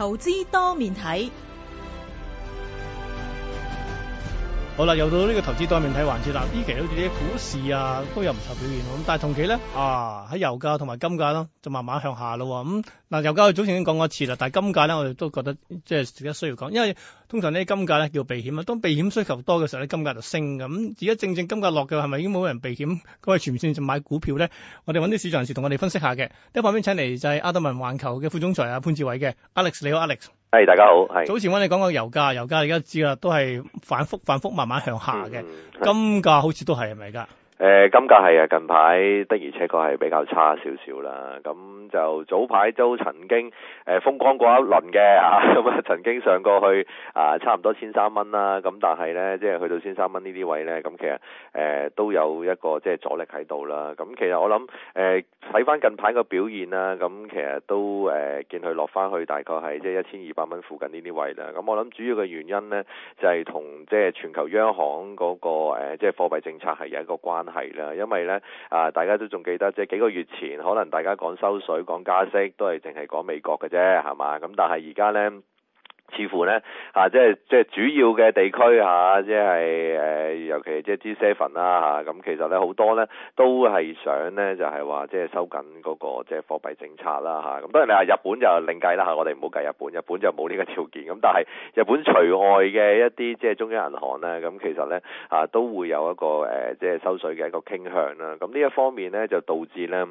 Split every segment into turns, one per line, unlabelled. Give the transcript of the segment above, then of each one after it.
投資多面睇。
好啦，又到呢個投資多面睇環節啦，呢期好似啲股市啊都有唔錯表現咯，咁但係同期咧啊喺油價同埋金價咯，就慢慢向下咯。咁、嗯、嗱、嗯，油價我早前已經講過一次啦，但係金價咧我哋都覺得即係而家需要講，因為通常呢啲金價咧叫避險啊，當避險需求多嘅時候咧金價就升咁。而、嗯、家正正金價落嘅係咪已經冇人避險？各位全面線就買股票咧，我哋揾啲市場人士同我哋分析下嘅。一塊面請嚟就係亞達盟環球嘅副總裁啊潘志偉嘅 Alex，你好 Alex。
係，hey, 大家好。早
前揾你講過油價，油價你而家知啦，都係反覆反覆慢慢向下嘅。金價、嗯、好似都係，係咪而家？
誒金價係啊，近排的而且確係比較差少少啦。咁、嗯、就早排都曾經誒風、呃、光過一輪嘅嚇，咁啊、嗯、曾經上過去、呃、差啊差唔多千三蚊啦。咁、嗯、但係咧，即係去到千三蚊呢啲位咧，咁、嗯、其實誒、呃、都有一個即係阻力喺度啦。咁、嗯、其實我諗誒睇翻近排個表現啦，咁、嗯、其實都誒、呃、見佢落翻去大概係即係一千二百蚊附近呢啲位啦。咁、嗯、我諗主要嘅原因咧，就係、是、同即係全球央行嗰、那個、呃、即係貨幣政策係有一個關。係啦，因為咧啊，大家都仲記得，即係幾個月前，可能大家講收水、講加息，都係淨係講美國嘅啫，係嘛？咁，但係而家咧。似乎咧嚇、啊，即係即係主要嘅地區嚇、啊，即係誒、呃，尤其即係 G7 啦嚇，咁其實咧好多咧都係想咧就係、是、話即係收緊嗰、那個即係貨幣政策啦嚇。咁當然你話日本就另計啦嚇、啊，我哋唔好計日本，日本就冇呢個條件。咁、啊、但係日本除外嘅一啲即係中央銀行咧，咁、啊、其實咧嚇、啊、都會有一個誒、呃、即係收水嘅一個傾向啦。咁、啊、呢一方面咧就導致咧。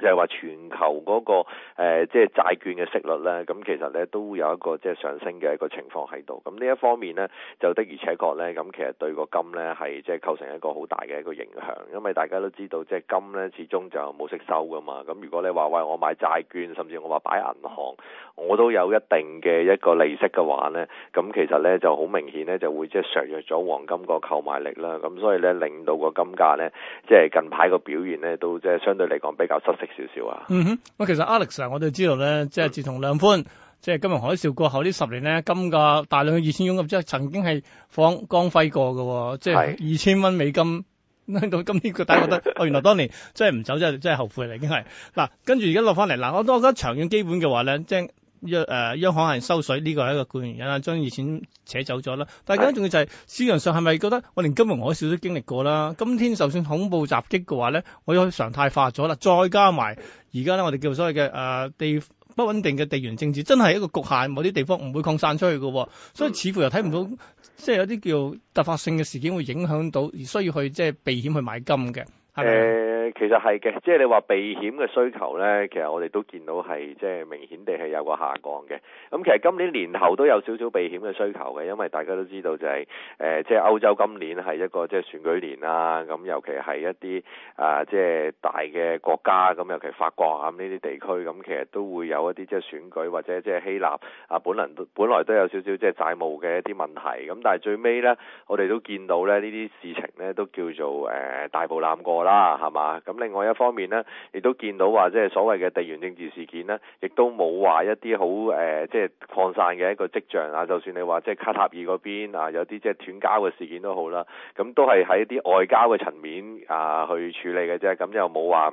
就係話全球嗰、那個即係、呃就是、債券嘅息率咧，咁其實咧都有一個即係、就是、上升嘅一個情況喺度。咁呢一方面咧，就的而且確咧，咁其實對個金咧係即係構成一個好大嘅一個影響，因為大家都知道即係、就是、金咧始終就冇息收㗎嘛。咁如果你話喂我買債券，甚至我話擺銀行，我都有一定嘅一個利息嘅話咧，咁其實咧就好明顯咧就會即係削弱咗黃金個購買力啦。咁所以咧令到個金價咧，即、就、係、是、近排個表現咧都即係相對嚟講比較失色。少
少啊，嗯哼，咁其實 Alex 啊，我哋知道咧，即係自從雷曼， 即係金融海嘯過後呢十年咧，金價大量嘅熱錢湧入，即係曾經係放光輝過嘅，即係二千蚊美金， 到今天個大，係覺得，哦原來當年真係唔走真係真係後悔嚟，已經係嗱，跟住而家落翻嚟嗱，我我覺得長遠基本嘅話咧，即係。央誒、呃、央行係收水，呢、這個係一個主原因啦，將熱錢扯走咗啦。但更加重要就係市場上係咪覺得我連金融海嘯都經歷過啦？今天就算恐怖襲擊嘅話咧，我有常態化咗啦。再加埋而家咧，我哋叫所謂嘅誒地不穩定嘅地緣政治，真係一個局限，某啲地方唔會擴散出去嘅，哦。所以似乎又睇唔到，即係有啲叫突發性嘅事件會影響到而需要去即係避險去買金嘅，係。呃
其實係嘅，即係你話避險嘅需求呢，其實我哋都見到係即係明顯地係有個下降嘅。咁其實今年年頭都有少少避險嘅需求嘅，因為大家都知道就係、是、誒、呃，即係歐洲今年係一個即係選舉年啦。咁尤其係一啲啊，即係大嘅國家咁，尤其、呃、國尤其法國咁呢啲地區咁、啊，其實都會有一啲即係選舉或者即係希臘啊，本能本來都有少少即係債務嘅一啲問題。咁、啊、但係最尾呢，我哋都見到呢呢啲事情呢，都叫做誒、呃、大步攬過啦，係嘛？咁另外一方面咧，亦都見到話即係所謂嘅地緣政治事件咧，亦都冇話一啲好誒即係擴散嘅一個跡象啊。就算你話即係卡塔爾嗰邊啊，有啲即係斷交嘅事件都好啦，咁啊都係喺一啲外交嘅層面啊去處理嘅啫，咁又冇話，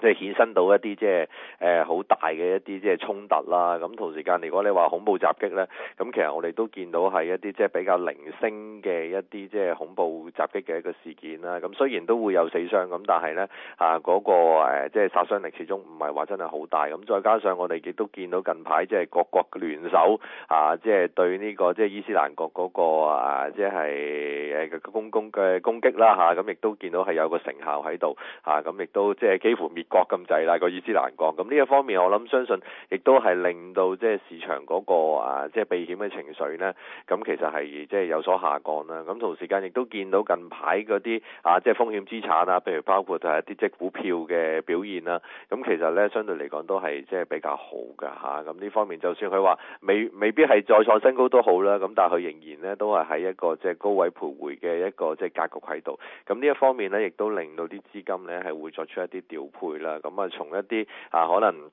即係衍生到一啲即係誒好大嘅一啲即係衝突啦，咁、嗯、同時間如果你話恐怖襲擊咧，咁、嗯、其實我哋都見到係一啲即係比較零星嘅一啲即係恐怖襲擊嘅一個事件啦。咁、嗯、雖然都會有死傷，咁但係咧嚇嗰個、啊、即係殺傷力，始終唔係話真係好大。咁、嗯、再加上我哋亦都見到近排即係各國聯手嚇、啊，即係對呢、這個即係伊斯蘭國嗰、那個啊即係誒攻攻嘅攻擊啦吓，咁、啊、亦、嗯、都見到係有個成效喺度吓，咁、啊、亦都即係幾乎國咁滯，啦， 嗰個意思難講。咁呢一方面，我諗相信亦都係令到即係市場嗰、那個啊，即係避險嘅情緒呢，咁其實係即係有所下降啦。咁同時間亦都見到近排嗰啲啊，即係風險資產啊，譬如包括係、就、啲、是、即股票嘅表現啦。咁、啊、其實呢，相對嚟講都係即係比較好㗎吓，咁、啊、呢方面，就算佢話未未必係再創新高都好啦。咁、啊、但係佢仍然呢，都係喺一個即係高位徘徊嘅一個即係格局喺度。咁呢一方面呢，亦都令到啲資金呢，係會作出一啲調配。啦，咁啊從一啲啊可能，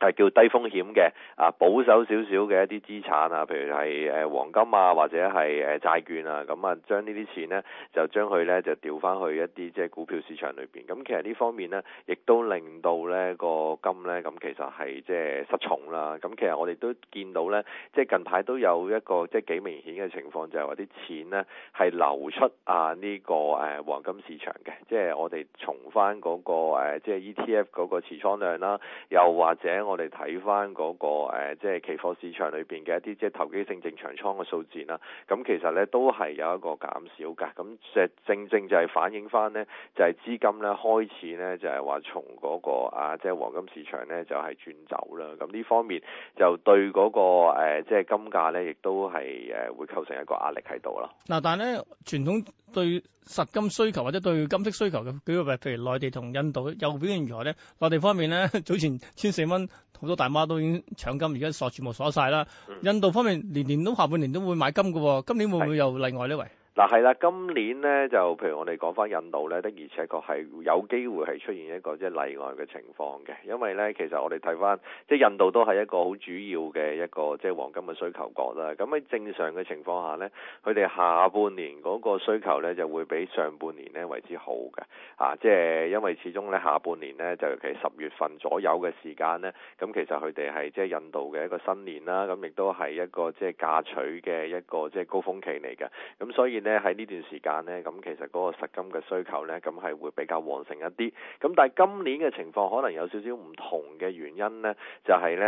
係叫低風險嘅，啊保守少少嘅一啲資產啊，譬如係誒黃金啊，或者係誒債券啊，咁啊將呢啲錢呢，就將佢呢，就調翻去一啲即係股票市場裏邊。咁其實呢方面呢，亦都令到呢個金呢，咁其實係即係失重啦。咁其實我哋都見到呢，即係近排都有一個即係幾明顯嘅情況，就係話啲錢呢係流出啊呢個誒黃金市場嘅，即係我哋重翻嗰個即係 E T F 嗰個持倉量啦，又或者。我哋睇翻嗰個、呃、即係期貨市場裏邊嘅一啲即係投機性正常倉嘅數字啦。咁其實咧都係有一個減少㗎。咁即係正正就係反映翻咧，就係、是、資金咧開始咧就係、是、話從嗰、那個啊，即係黃金市場咧就係、是、轉走啦。咁呢方面就對嗰、那個、呃、即係金價咧，亦都係誒會構成一個壓力喺度咯。
嗱，但係咧傳統對實金需求或者對金飾需求嘅，舉個例，譬如內地同印度有表現如何咧？內地方面咧，早前千四蚊。好多大媽都已經搶金，而家鎖全部鎖晒啦。印度方面年年都下半年都會買金噶，今年會唔會有例外呢？位？
嗱係啦，今年呢，就譬如我哋講翻印度呢，的而且確係有機會係出現一個即係例外嘅情況嘅，因為呢，其實我哋睇翻即係印度都係一個好主要嘅一個即係黃金嘅需求國啦。咁喺正常嘅情況下呢，佢哋下半年嗰個需求呢就會比上半年呢為之好嘅，啊，即係因為始終呢，下半年呢，就尤其十月份左右嘅時間呢，咁其實佢哋係即係印度嘅一個新年啦，咁亦都係一個即係嫁娶嘅一個即係高峰期嚟嘅，咁所以，咧喺呢段時間咧，咁其實嗰個實金嘅需求咧，咁係會比較旺盛一啲。咁但係今年嘅情況可能有少少唔同嘅原因咧，就係咧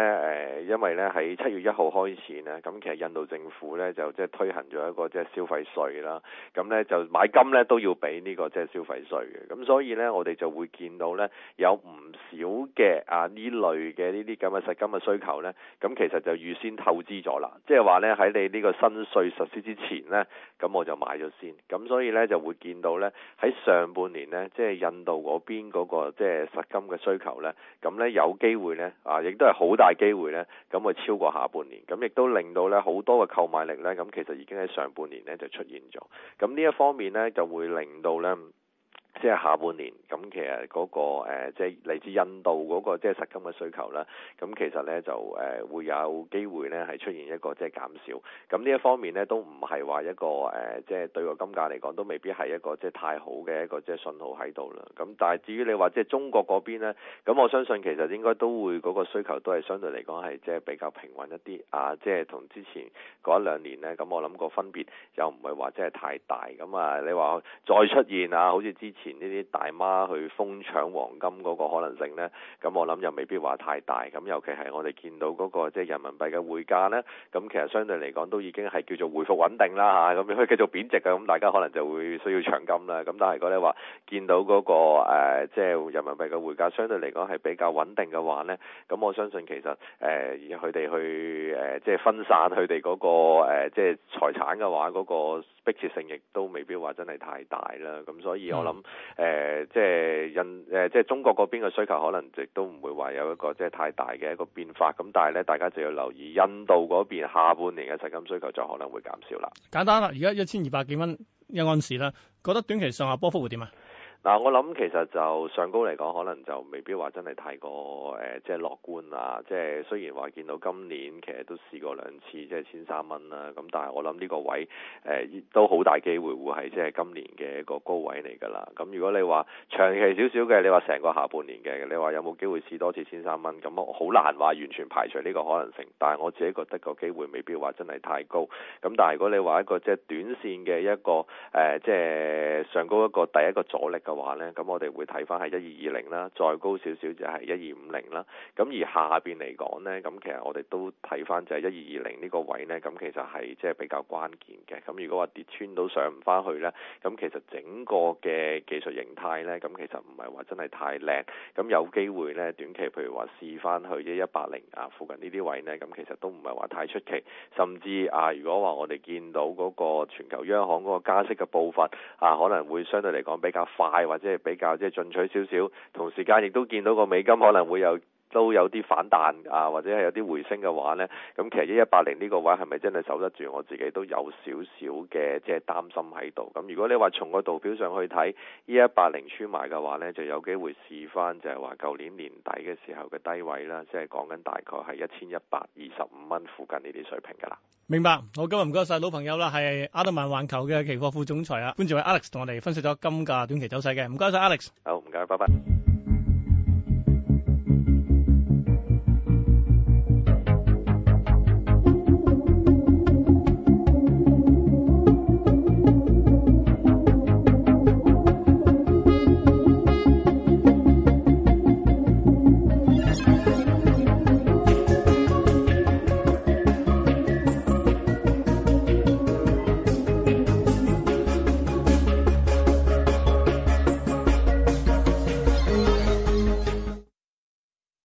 誒，因為咧喺七月一號開始啊，咁其實印度政府咧就即係推行咗一個即係消費稅啦。咁咧就買金咧都要俾呢個即係消費稅嘅。咁所以咧我哋就會見到咧有唔少嘅啊呢類嘅呢啲咁嘅實金嘅需求咧，咁其實就預先透支咗啦。即係話咧喺你呢個新稅實施之前咧，咁我就買。買咗先，咁所以呢就會見到呢喺上半年呢，即係印度嗰邊嗰個即係實金嘅需求呢。咁呢有機會呢，啊，亦都係好大機會呢，咁會超過下半年，咁亦都令到呢好多嘅購買力呢，咁其實已經喺上半年呢就出現咗，咁呢一方面呢，就會令到呢。即係下半年，咁其實嗰個誒，即係嚟自印度嗰個即係實金嘅需求啦。咁其實咧就誒會有機會咧係出現一個即係減少。咁呢一方面咧都唔係話一個誒，即係對個金價嚟講都未必係一個即係太好嘅一個即係信號喺度啦。咁但係至於你話即係中國嗰邊咧，咁我相信其實應該都會嗰個需求都係相對嚟講係即係比較平穩一啲啊，即係同之前嗰一兩年咧，咁我諗個分別又唔係話即係太大。咁啊，你話再出現啊，好似之前，前呢啲大媽去瘋搶黃金嗰個可能性呢，咁我諗又未必話太大。咁尤其係我哋見到嗰個即係人民幣嘅匯價呢，咁其實相對嚟講都已經係叫做回復穩定啦嚇。咁如果繼續貶值嘅，咁大家可能就會需要搶金啦。咁但係如果你話見到嗰個誒即係人民幣嘅匯價相對嚟講係比較穩定嘅話呢，咁我相信其實誒佢哋去誒即係分散佢哋嗰個誒即係財產嘅話嗰個迫切性亦都未必話真係太大啦，咁所以我諗誒、嗯呃、即係印誒即係中國嗰邊嘅需求可能亦都唔會話有一個即係太大嘅一個變化，咁但係咧大家就要留意印度嗰邊下半年嘅實金需求就可能會減少啦。
簡單啦，而家一千二百幾蚊一盎司啦，覺得短期上下波幅會點啊？嗱、啊，我諗其實就上高嚟講，可能就
未必話真係太過誒、呃，即係樂觀啊！即係雖然話見到今年其實都試過兩次，即係千三蚊啦。咁但係我諗呢個位誒、呃、都好大機會會係即係今年嘅一個高位嚟㗎啦。咁如果你話長期少少嘅，你話成個下半年嘅，你話有冇機會試多次千三蚊？咁好難話完全排除呢個可能性。但係我自己覺得個機會未必話真係太高。咁但係如果你話一個即係短線嘅一個誒、呃，即係上高一個第一個阻力話呢，咁我哋會睇翻係一二二零啦，再高少少就係一二五零啦。咁而下邊嚟講呢，咁其實我哋都睇翻就係一二二零呢個位呢。咁其實係即係比較關鍵嘅。咁如果話跌穿都上唔翻去呢，咁其實整個嘅技術形態呢，咁其實唔係話真係太靚。咁有機會呢，短期譬如話試翻去一一八零啊附近呢啲位呢，咁其實都唔係話太出奇。甚至啊，如果話我哋見到嗰個全球央行嗰個加息嘅步伐啊，可能會相對嚟講比較快。或者係比較，即係進取少少，同時間亦都見到個美金可能會有。都有啲反彈啊，或者係有啲回升嘅話呢。咁其實一一八零呢個位係咪真係守得住？我自己都有少少嘅即係擔心喺度。咁如果你話從個圖表上去睇，一一八零穿埋嘅話呢，就有機會試返就係話舊年年底嘅時候嘅低位啦，即係講緊大概係一千一百二十五蚊附近呢啲水平㗎啦。
明白，好，今日唔該晒老朋友啦，係亞達盟環球嘅期貨副總裁啊，Alex，跟住係 Alex 同我哋分析咗金價短期走勢嘅，唔該晒 Alex。好，唔該，拜拜。